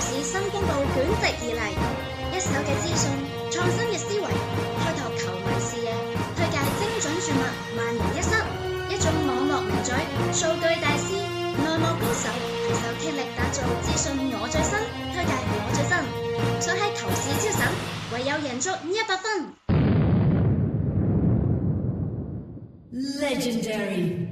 市新公告捲席而嚟，一手嘅資訊，創新嘅思維，開拓球迷視野，推介精準注物，萬無一失。一種網絡名嘴，數據大師，內幕高手，攜手傾力打造資訊我最新，推介我最新，想喺球市超神，唯有贏足一百分。Legendary。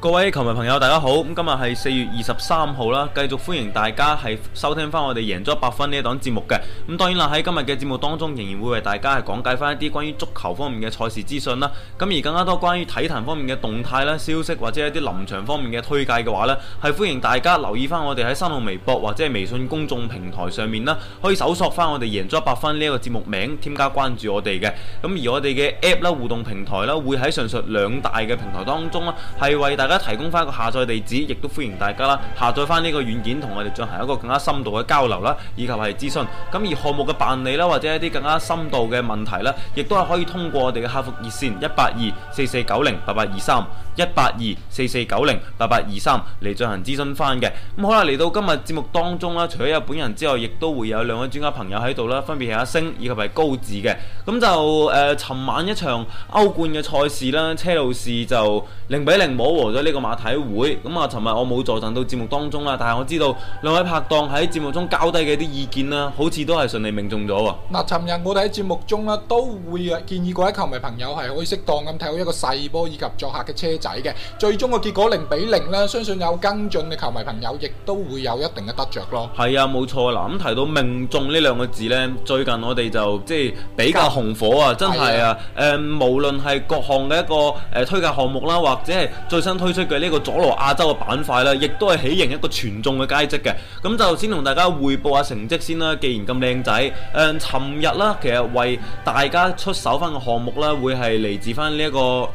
各位球迷朋友，大家好！今日係四月二十三號啦，繼續歡迎大家係收聽翻我哋贏咗一百分呢一檔節目嘅。咁當然啦，喺今日嘅節目當中，仍然會為大家講解翻一啲關於足球方面嘅賽事資訊啦。咁而更加多關於體壇方面嘅動態啦、消息或者一啲臨場方面嘅推介嘅話呢，係歡迎大家留意翻我哋喺新浪微博或者係微信公眾平台上面啦，可以搜索翻我哋贏足 100FUN 呢個節目名，添加關注我哋嘅。咁而我哋嘅 App 啦、互動平台啦，會喺上述兩大嘅平台當中啦，係為大家提供翻一個下載地址，亦都歡迎大家啦下載翻呢個軟件，同我哋進行一個更加深度嘅交流啦，以及係諮詢。咁而項目嘅辦理啦，或者一啲更加深度嘅問題啦，亦都係可以通過我哋嘅客服熱線一八二四四九零八八二三一八二四四九零八八二三嚟進行諮詢翻嘅。咁好啦，嚟到今日節目當中啦，除咗有本人之外，亦都會有兩位專家朋友喺度啦，分別係阿星以及係高智嘅。咁就誒，尋晚一場歐冠嘅賽事啦，車路士就零比零冇和咗呢個馬體會。咁啊，尋日我冇助陣到節目當中啦，但係我知道兩位拍檔喺節目中交低嘅啲意見啦，好似都係。順利命中咗喎、啊！嗱，尋日我哋喺節目中啦，都會建議各位球迷朋友係可以適當咁睇好一個細波以及作客嘅車仔嘅。最終嘅結果零比零啦，相信有跟進嘅球迷朋友亦都會有一定嘅得着咯。係啊，冇錯啦！咁提到命中呢兩個字呢，最近我哋就即係比較紅火啊，真係啊！誒，無論係各項嘅一個誒推介項目啦，或者係最新推出嘅呢個佐羅亞洲嘅板塊啦，亦都係喜迎一個全中嘅佳績嘅。咁就先同大家匯報下成績先啦。既然咁靚。仔、嗯，誒，尋日啦，其實為大家出手翻嘅項目咧，會係嚟自翻呢一個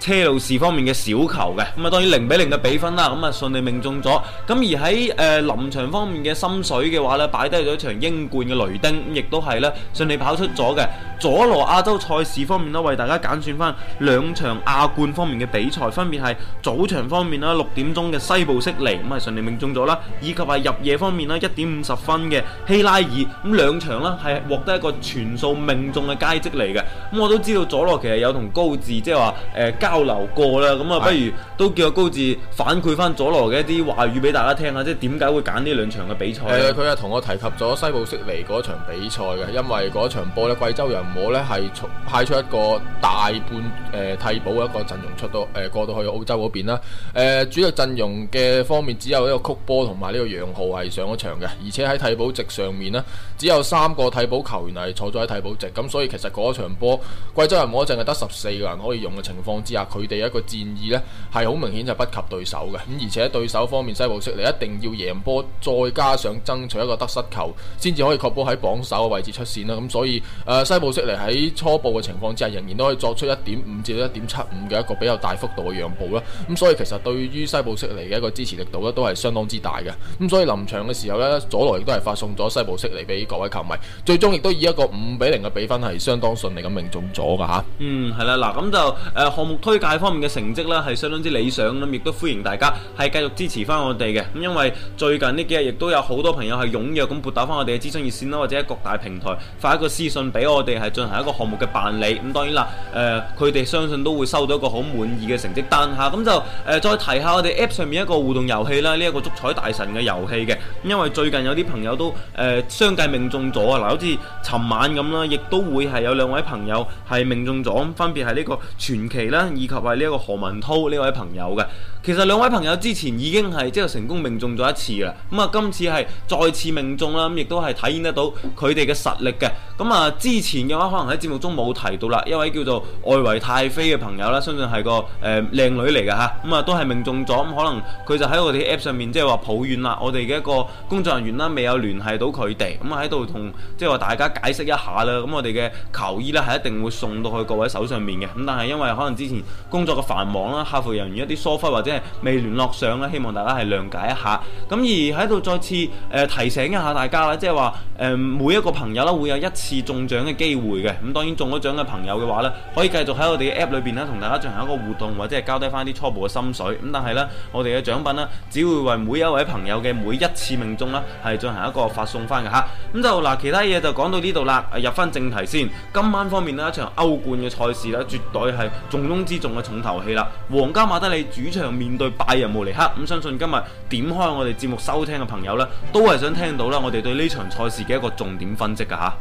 車路士方面嘅小球嘅，咁、嗯、啊，當於零比零嘅比分啦，咁、嗯、啊，順利命中咗，咁、嗯、而喺誒、呃、臨場方面嘅心水嘅話咧，擺低咗一場英冠嘅雷丁，亦都係咧，順利跑出咗嘅。佐羅亞洲賽事方面呢，為大家揀選翻兩場亞冠方面嘅比賽，分別係早場方面啦六點鐘嘅西部悉尼，咁係順利命中咗啦，以及係入夜方面啦一點五十分嘅希拉爾，咁兩場呢係獲得一個全數命中嘅佳績嚟嘅。咁我都知道佐羅其實有同高智，即係話誒交流過啦，咁啊不如都叫高智反饋翻佐羅嘅一啲話語俾大家聽啦，即係點解會揀呢兩場嘅比賽？誒、欸，佢係同我提及咗西部悉尼嗰場比賽嘅，因為嗰場波呢，貴州人。我呢係派出一個大半，誒替補一個陣容出到，誒過到去澳洲嗰邊啦。誒主要陣容嘅方面只有呢個曲波同埋呢個楊浩係上咗場嘅，而且喺替補席上面呢，只有三個替補球員係坐咗喺替補席，咁所以其實嗰一場波貴州人淨係得十四個人可以用嘅情況之下，佢哋一個戰意呢係好明顯就不及對手嘅。咁而且對手方面西部悉尼一定要贏波，再加上爭取一個得失球，先至可以確保喺榜首嘅位置出線啦。咁所以誒西部，息嚟，喺初步嘅情況之下，仍然都可以作出一點五至一點七五嘅一個比較大幅度嘅讓步啦。咁、嗯、所以其實對於西部式嚟嘅一個支持力度咧，都係相當之大嘅。咁、嗯、所以臨場嘅時候咧，佐羅亦都係發送咗西部式嚟俾各位球迷，最終亦都以一個五比零嘅比分係相當順利咁命中咗嘅吓。嗯，係啦，嗱咁就誒、呃、項目推介方面嘅成績咧，係相當之理想咁，亦都歡迎大家係繼續支持翻我哋嘅。咁因為最近呢幾日亦都有好多朋友係踴躍咁撥打翻我哋嘅諮詢熱線啦，或者喺各大平台發一個私信俾我哋係。進行一個項目嘅辦理，咁當然啦，誒、呃，佢哋相信都會收到一個好滿意嘅成績單吓，咁就誒、呃、再提下我哋 App 上面一個互動遊戲啦，呢一個足彩大神嘅遊戲嘅，因為最近有啲朋友都誒相繼命中咗啊，嗱，好似尋晚咁啦，亦都會係有兩位朋友係命中咗，分別係呢個傳奇啦，以及係呢一個何文濤呢位朋友嘅。其實兩位朋友之前已經係即係成功命中咗一次啦，咁啊今次係再次命中啦，咁亦都係體現得到佢哋嘅實力嘅。咁啊之前有可能喺節目中冇提到啦，一位叫做外圍太妃嘅朋友啦，相信係個誒靚、呃、女嚟嘅吓，咁、嗯、啊都係命中咗，咁、嗯、可能佢就喺我哋 app 上面即係話抱怨啦，我哋嘅一個工作人員啦未有聯繫到佢哋，咁啊喺度同即係話大家解釋一下啦，咁、嗯、我哋嘅球衣咧係一定會送到去各位手上面嘅，咁、嗯、但係因為可能之前工作嘅繁忙啦，客服人員一啲疏忽或者係未聯絡上啦，希望大家係諒解一下，咁、嗯、而喺度再次誒、呃、提醒一下大家啦，即係話誒每一個朋友啦會有一次中獎嘅機會。會嘅，咁當然中咗獎嘅朋友嘅話呢，可以繼續喺我哋嘅 App 裏邊咧，同大家進行一個互動，或者係交低翻啲初步嘅心水。咁但係呢，我哋嘅獎品呢，只會為每一位朋友嘅每一次命中呢，係進行一個發送翻嘅吓。咁就嗱，其他嘢就講到呢度啦。入翻正題先，今晚方面呢，一場歐冠嘅賽事咧，絕對係重中之重嘅重頭戲啦。皇家馬德里主場面對拜仁慕尼黑，咁，嗯，相信今日點開我哋節目收聽嘅朋友呢，都係想聽到啦，我哋對呢場賽事嘅一個重點分析嘅吓。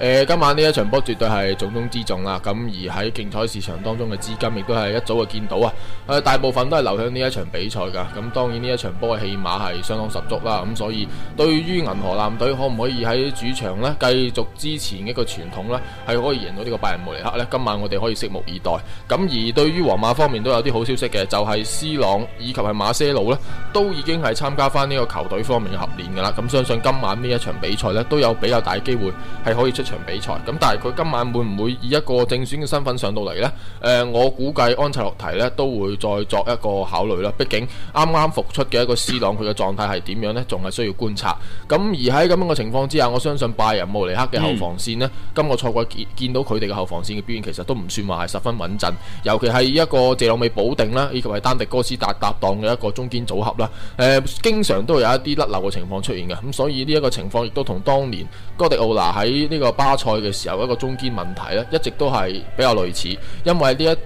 誒、呃，今晚呢一場波絕對係重中之重啦。咁而喺競彩市場當中嘅資金亦都係一早就見到啊，誒大部分都係流向呢一場比賽噶。咁當然呢一場波嘅戲碼係相當十足啦。咁所以對於銀河艦隊可唔可以喺主場呢，繼續之前一個傳統呢係可以贏到呢個拜仁慕尼黑呢？今晚我哋可以拭目以待。咁而對於皇馬方面都有啲好消息嘅，就係、是、C 朗以及係馬些路呢，都已經係參加翻呢個球隊方面嘅合練噶啦。咁相信今晚呢一場比賽呢，都有比較大機會係可以出場比賽咁，但係佢今晚會唔會以一個正選嘅身份上到嚟呢？誒、呃，我估計安察洛提咧都會再作一個考慮啦。畢竟啱啱復出嘅一個 C 朗，佢嘅狀態係點樣呢？仲係需要觀察。咁而喺咁樣嘅情況之下，我相信拜仁慕尼黑嘅後防線呢，今、嗯，這個賽季見，見到佢哋嘅後防線嘅表現，其實都唔算話係十分穩陣。尤其係一個謝路美保定啦，以及係丹迪哥斯達搭檔嘅一個中堅組合啦。誒、呃，經常都有一啲甩漏嘅情況出現嘅。咁所以呢一個情況亦都同當年哥迪奧拿喺呢個。巴塞嘅時候，一個中堅問題一直都係比較類似，因為呢一誒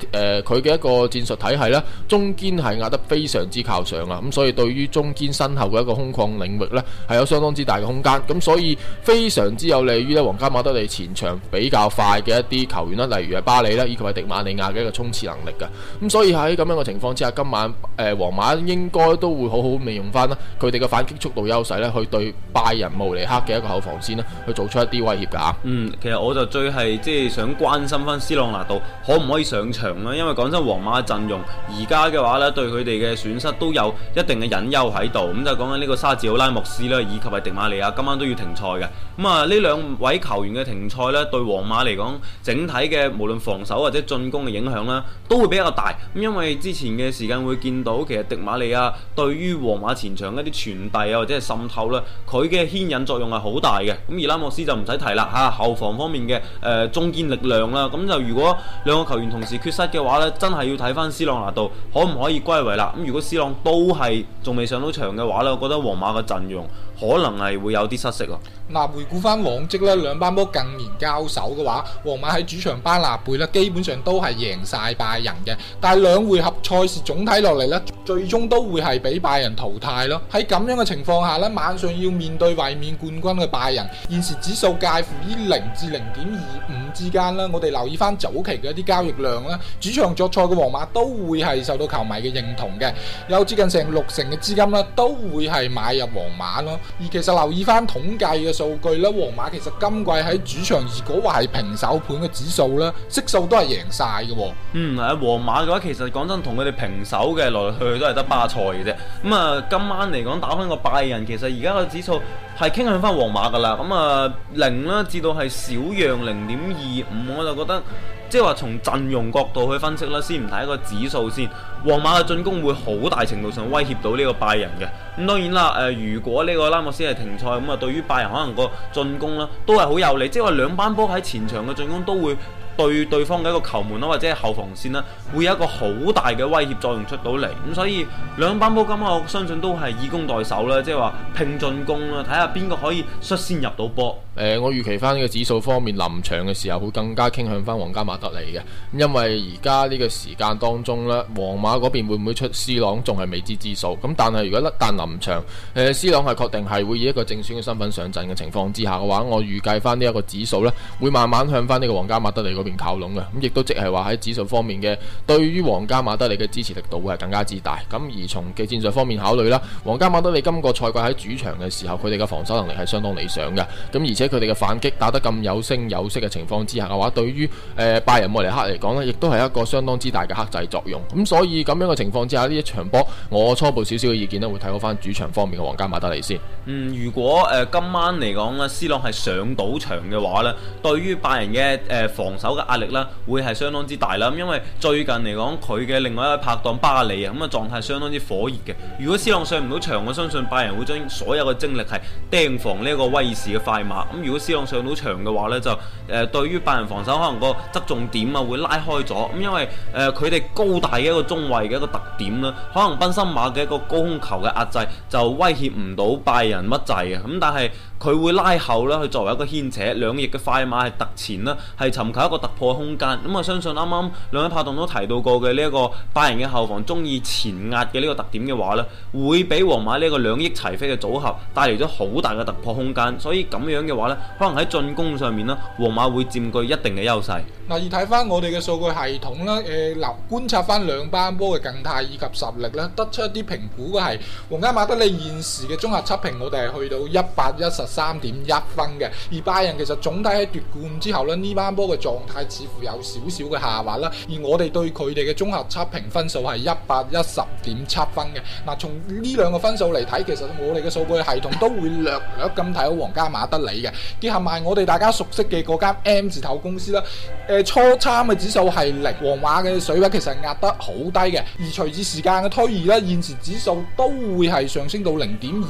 佢嘅一個戰術體系中堅係壓得非常之靠上啊，咁所以對於中堅身後嘅一個空曠領域咧，係有相當之大嘅空間，咁所以非常之有利於咧皇家馬德里前場比較快嘅一啲球員啦，例如係巴里啦，以及係迪馬利亞嘅一個衝刺能力噶，咁所以喺咁樣嘅情況之下，今晚誒皇馬應該都會好好利用翻啦，佢哋嘅反擊速度優勢咧，去對拜仁慕尼黑嘅一個後防線咧，去做出一啲威脅噶。嗯，其實我就最係即係想關心翻斯朗拿度可唔可以上場啦，因為講真的，皇馬嘅陣容而家嘅話呢，對佢哋嘅損失都有一定嘅隱憂喺度。咁、嗯、就講緊呢個沙治奧拉莫斯啦，以及係迪馬利亞今晚都要停賽嘅。咁、嗯、啊，呢兩位球員嘅停賽呢，對皇馬嚟講，整體嘅無論防守或者進攻嘅影響咧，都會比較大。咁、嗯、因為之前嘅時間會見到，其實迪馬利亞對於皇馬前場的一啲傳遞啊，或者係滲透啦，佢嘅牽引作用係好大嘅。咁、嗯、而拉莫斯就唔使提啦吓。後防方面嘅誒，中、呃、堅力量啦，咁就如果兩個球員同時缺失嘅話呢，真係要睇翻斯朗拿度可唔可以歸位啦？咁如果斯朗都係仲未上到場嘅話呢，我覺得皇馬嘅陣容。可能係會有啲失色咯。嗱，回顧翻往績咧，兩班波近年交手嘅話，皇馬喺主場巴拿貝咧，基本上都係贏晒拜仁嘅。但係兩回合賽事總體落嚟咧，最終都會係俾拜仁淘汰咯。喺咁樣嘅情況下咧，晚上要面對衛冕冠軍嘅拜仁，現時指數介乎於零至零點二五之間啦。我哋留意翻早期嘅一啲交易量啦，主場作賽嘅皇馬都會係受到球迷嘅認同嘅，有接近成六成嘅資金啦，都會係買入皇馬咯。而其實留意翻統計嘅數據咧，皇馬其實今季喺主場，如果話係平手盤嘅指數咧，色數都係贏晒嘅。嗯，係皇馬嘅話，其實講真，同佢哋平手嘅來來去去都係得巴塞嘅啫。咁、嗯、啊、嗯，今晚嚟講打翻個拜仁，其實而家個指數係傾向翻皇馬噶啦。咁、嗯、啊，零啦至到係小讓零點二五，我就覺得。即係話從陣容角度去分析啦，先唔睇個指數先。皇馬嘅進攻會好大程度上威脅到呢個拜仁嘅。咁當然啦，誒、呃，如果呢個拉莫斯係停賽，咁啊，對於拜仁可能個進攻啦，都係好有利。即係話兩班波喺前場嘅進攻都會。對對方嘅一個球門啦，或者後防線啦，會有一個好大嘅威脅作用出到嚟。咁所以兩班波今晚我相信都係以攻代守啦，即係話拼進攻啦，睇下邊個可以率先入到波。誒、呃，我預期翻呢個指數方面，臨場嘅時候會更加傾向翻皇家馬德里嘅，因為而家呢個時間當中呢，皇馬嗰邊會唔會出 C 朗，仲係未知之數。咁但係如果一旦臨場，誒、呃、C 朗係確定係會以一個正選嘅身份上陣嘅情況之下嘅話，我預計翻呢一個指數咧，會慢慢向翻呢個皇家馬德里靠攏嘅，咁亦都即係話喺指數方面嘅，對於皇家馬德里嘅支持力度會係更加之大。咁而從技戰術方面考慮啦，皇家馬德里今個賽季喺主場嘅時候，佢哋嘅防守能力係相當理想嘅。咁而且佢哋嘅反擊打得咁有聲有色嘅情況之下嘅話，對於誒拜仁慕尼黑嚟講呢，亦都係一個相當之大嘅剋制作用。咁所以咁樣嘅情況之下，呢一場波我初步少少嘅意見呢，會睇好翻主場方面嘅皇家馬德里先。嗯，如果誒、呃、今晚嚟講呢，斯朗係上到場嘅話呢，對於拜仁嘅誒防守。嘅壓力啦，會係相當之大啦。因為最近嚟講，佢嘅另外一位拍檔巴里啊，咁啊狀態相當之火熱嘅。如果 C 朗上唔到場，我相信拜仁會將所有嘅精力係釘防呢個威爾士嘅快馬。咁如果 C 朗上到場嘅話呢，就誒對於拜仁防守可能個側重點啊會拉開咗。咁因為誒佢哋高大嘅一個中衞嘅一個特點啦，可能賓斯馬嘅一個高空球嘅壓制就威脅唔到拜仁乜滯嘅。咁但係佢會拉後啦，佢作為一個牽扯，兩翼嘅快馬係突前啦，係尋求一個。突破空間咁啊！我相信啱啱兩位拍檔都提到過嘅呢一個拜仁嘅後防中意前壓嘅呢個特點嘅話咧，會俾皇馬呢個兩億齊飛嘅組合帶嚟咗好大嘅突破空間。所以咁樣嘅話咧，可能喺進攻上面咧，皇馬會佔據一定嘅優勢。嗱，而睇翻我哋嘅數據系統啦，誒，嗱，觀察翻兩班波嘅近態以及實力啦，得出一啲評估嘅係皇家馬德里現時嘅綜合測評，我哋係去到一百一十三點一分嘅。而拜仁其實總體喺奪冠之後咧，呢班波嘅狀態。似乎有少少嘅下滑啦，而我哋對佢哋嘅綜合測評分數係一百一十點七分嘅。嗱，從呢兩個分數嚟睇，其實我哋嘅數據系統都會略略咁睇到皇家馬德里嘅。結合埋我哋大家熟悉嘅嗰間 M 字頭公司啦，誒，初參嘅指數係零，皇馬嘅水位其實壓得好低嘅。而隨住時間嘅推移啦，現時指數都會係上升到零點二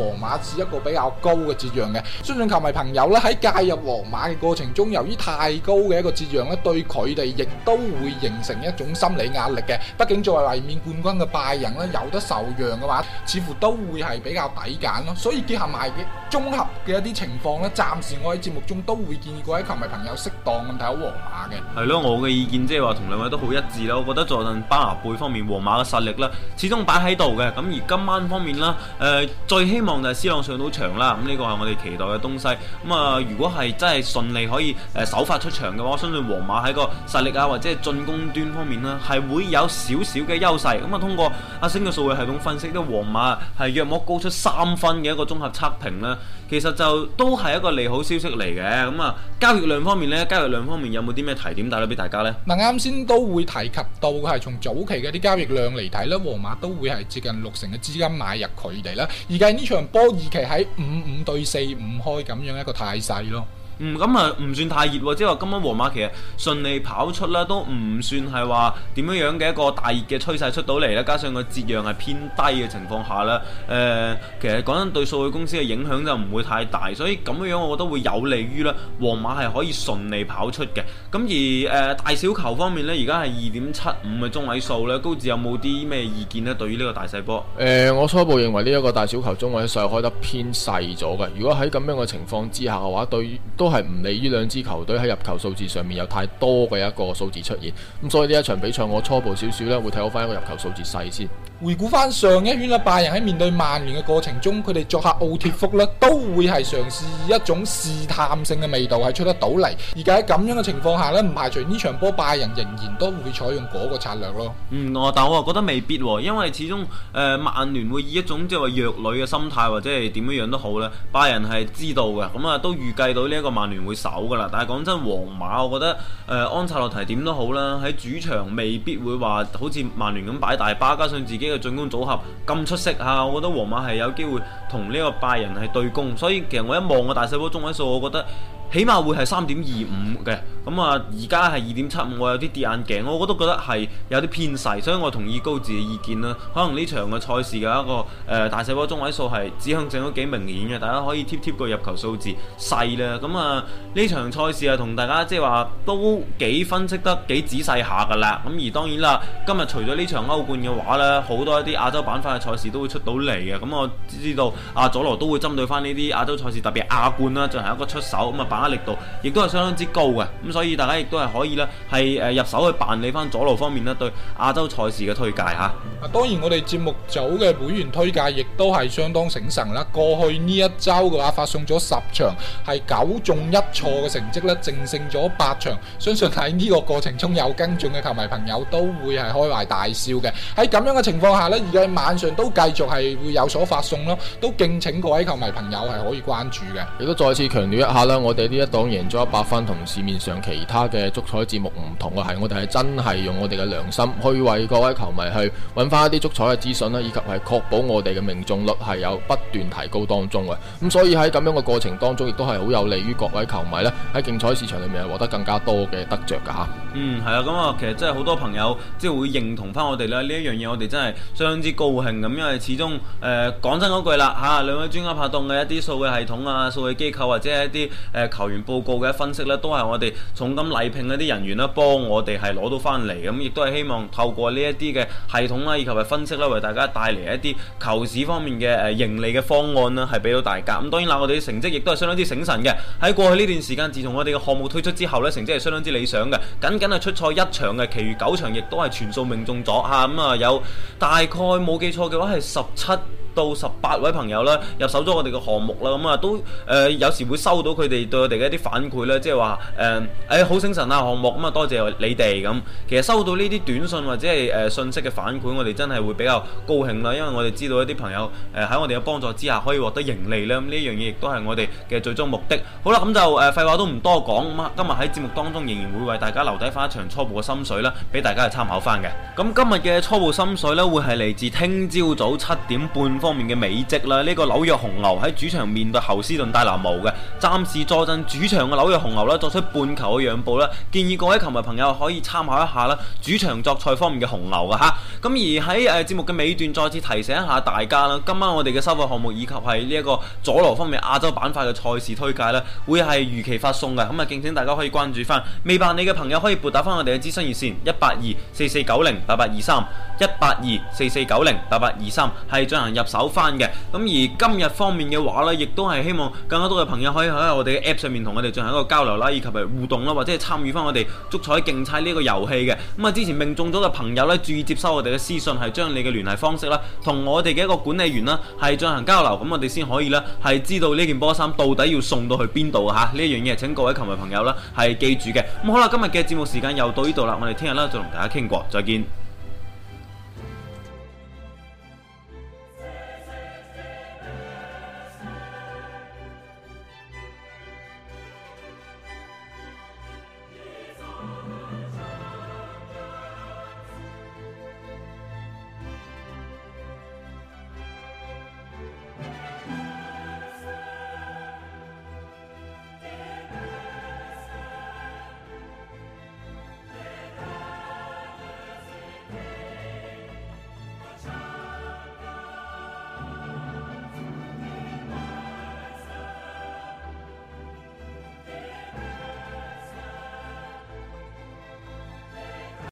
五，皇馬係一個比較高嘅字樣嘅。相信球迷朋友啦，喺介入皇馬嘅過程中，由於太高嘅一個。個折讓呢，對佢哋亦都會形成一種心理壓力嘅。畢竟作為衛冕冠軍嘅拜仁咧，有得受讓嘅話，似乎都會係比較抵揀咯。所以結合埋嘅綜合嘅一啲情況呢，暫時我喺節目中都會建議各位球迷朋友適當咁睇好皇馬嘅。係咯，我嘅意見即係話同兩位都好一致啦。我覺得坐陣巴拿貝方面，皇馬嘅實力咧始終擺喺度嘅。咁而今晚方面咧，誒、呃、最希望就係 C 朗上到場啦。咁、這、呢個係我哋期待嘅東西。咁啊，如果係真係順利可以誒首發出場嘅話，我相信皇馬喺個實力啊，或者係進攻端方面呢，係會有少少嘅優勢。咁啊，通過阿星嘅數據系統分析呢，皇馬係約莫高出三分嘅一個綜合測評啦。其實就都係一個利好消息嚟嘅。咁啊，交易量方面呢，交易量方面有冇啲咩提點帶嚟俾大家呢？嗱，啱先都會提及到係從早期嘅啲交易量嚟睇呢，皇馬都會係接近六成嘅資金買入佢哋啦。而家呢場波二期喺五五對四五開咁樣一個態勢咯。唔咁啊，唔算太熱喎，即係話今晚皇馬其實順利跑出啦，都唔算係話點樣嘅一個大熱嘅趨勢出到嚟啦。加上個節量係偏低嘅情況下咧、呃，其實講真對數據公司嘅影響就唔會太大，所以咁樣我覺得都會有利於咧皇馬係可以順利跑出嘅。咁而、呃、大小球方面咧，而家係二點七五嘅中位數咧，高至有冇啲咩意見呢？對於呢個大細波、呃？我初步認為呢一個大小球中位數係開得偏細咗嘅。如果喺咁樣嘅情況之下嘅話，對於都。都係唔利於兩支球隊喺入球數字上面有太多嘅一個數字出現，咁所以呢一場比賽我初步少少呢會睇好翻一個入球數字細先。回顧翻上一圈啦，拜仁喺面對曼聯嘅過程中，佢哋作客奧鐵福咧，都會係嘗試以一種試探性嘅味道係出得到嚟。而家喺咁樣嘅情況下呢，唔排除呢場波，拜仁仍然都會採用嗰個策略咯。嗯，哦、但我啊覺得未必，因為始終誒、呃、曼聯會以一種即係話弱旅嘅心態或者係點樣樣都好啦，拜仁係知道嘅，咁啊都預計到呢一個曼聯會守噶啦。但係講真的，皇馬我覺得誒、呃、安察洛提點都好啦，喺主場未必會話好似曼聯咁擺大巴，加上自己。呢個進攻組合咁出色啊！我覺得皇馬係有機會同呢個拜仁係對攻，所以其實我一望個大細波中位數，我覺得起碼會係三點二五嘅。咁、嗯、啊，而家係二點七五，我有啲跌眼鏡，我我都覺得係有啲偏細，所以我同意高志嘅意見啦。可能呢場嘅賽事嘅一個誒、呃、大細波中位數係指向性都幾明顯嘅，大家可以貼貼個入球數字細啦。咁、嗯、啊，呢場賽事啊，同大家即係話都幾分析得幾仔細下噶啦。咁、嗯、而當然啦，今日除咗呢場歐冠嘅話呢，好多一啲亞洲板塊嘅賽事都會出到嚟嘅。咁、嗯、我知道阿、啊、佐羅都會針對翻呢啲亞洲賽事，特別亞冠啦，進行一個出手，咁、嗯、啊，把握力度亦都係相當之高嘅。嗯。所以大家亦都係可以啦，係誒入手去辦理翻左路方面咧，對亞洲賽事嘅推介吓。啊，當然我哋節目組嘅會員推介亦都係相當醒神啦。過去呢一周嘅話，發送咗十場，係九中一錯嘅成績咧，淨勝咗八場。相信喺呢個過程中有跟進嘅球迷朋友都會係開懷大笑嘅。喺咁樣嘅情況下呢，而家晚上都繼續係會有所發送咯，都敬請各位球迷朋友係可以關注嘅。亦都再次強調一下啦，我哋呢一檔贏足 100FUN 同市面上。其他嘅足彩節目唔同嘅係，是我哋係真係用我哋嘅良心去為各位球迷去揾翻一啲足彩嘅資訊啦，以及係確保我哋嘅命中率係有不斷提高當中嘅。咁、嗯、所以喺咁樣嘅過程當中，亦都係好有利於各位球迷呢喺競彩市場裏面係獲得更加多嘅得着噶。嗯，係啊，咁、嗯、啊，其實真係好多朋友即係會認同翻我哋咧，呢一樣嘢我哋真係相當之高興咁，因為始終誒講、呃、真嗰句啦，吓兩位專家拍檔嘅一啲數據系統啊、數據機構或者一啲誒球員報告嘅分析呢，都係我哋。重金禮聘一啲人員呢，幫我哋係攞到翻嚟，咁亦都係希望透過呢一啲嘅系統啦，以及係分析啦，為大家帶嚟一啲求市方面嘅誒盈利嘅方案呢係俾到大家。咁當然啦，我哋嘅成績亦都係相當之醒神嘅。喺過去呢段時間，自從我哋嘅項目推出之後呢，成績係相當之理想嘅，僅僅係出賽一場嘅，其餘九場亦都係全數命中咗嚇。咁啊，有大概冇記錯嘅話係十七到十八位朋友啦，入手咗我哋嘅項目啦，咁、嗯、啊都誒、呃、有時會收到佢哋對我哋嘅一啲反饋啦，即係話誒誒好精神啊項目咁啊、嗯、多謝你哋咁、嗯。其實收到呢啲短信或者係誒、呃、信息嘅反饋，我哋真係會比較高興啦，因為我哋知道一啲朋友誒喺、呃、我哋嘅幫助之下可以獲得盈利啦。咁呢樣嘢亦都係我哋嘅最終目的。好啦，咁、嗯、就誒、呃、廢話都唔多講，咁、嗯、啊，今日喺節目當中仍然會為大家留低翻一場初步嘅心水啦，俾大家去參考翻嘅。咁今日嘅初步心水咧，會係嚟自聽朝早七點半方面嘅美職啦，呢個紐約紅牛喺主場面對侯斯頓大藍毛嘅，暫時坐鎮主場嘅紐約紅牛啦，作出半球嘅讓步啦，建議各位球迷朋友可以參考一下啦，主場作賽方面嘅紅牛嘅吓，咁而喺誒節目嘅尾段再次提醒一下大家啦，今晚我哋嘅收費項目以及係呢一個佐羅方面亞洲板塊嘅賽事推介啦，會係如期發送嘅，咁啊敬請大家可以關注翻，未辦你嘅朋友可以撥打翻我哋嘅諮詢熱線一八二四四九零八八二三一八二四四九零八八二三係進行入。翻嘅咁而今日方面嘅話呢，亦都係希望更加多嘅朋友可以喺我哋嘅 App 上面同我哋進行一個交流啦，以及係互動啦，或者係參與翻我哋足彩競猜呢個遊戲嘅。咁啊，之前命中咗嘅朋友呢，注意接收我哋嘅私信，係將你嘅聯繫方式啦，同我哋嘅一個管理員啦，係進行交流，咁我哋先可以呢，係知道呢件波衫到底要送到去邊度啊！吓呢一樣嘢，請各位球迷朋友啦係記住嘅。咁好啦，今日嘅節目時間又到呢度啦，我哋聽日咧再同大家傾過，再見。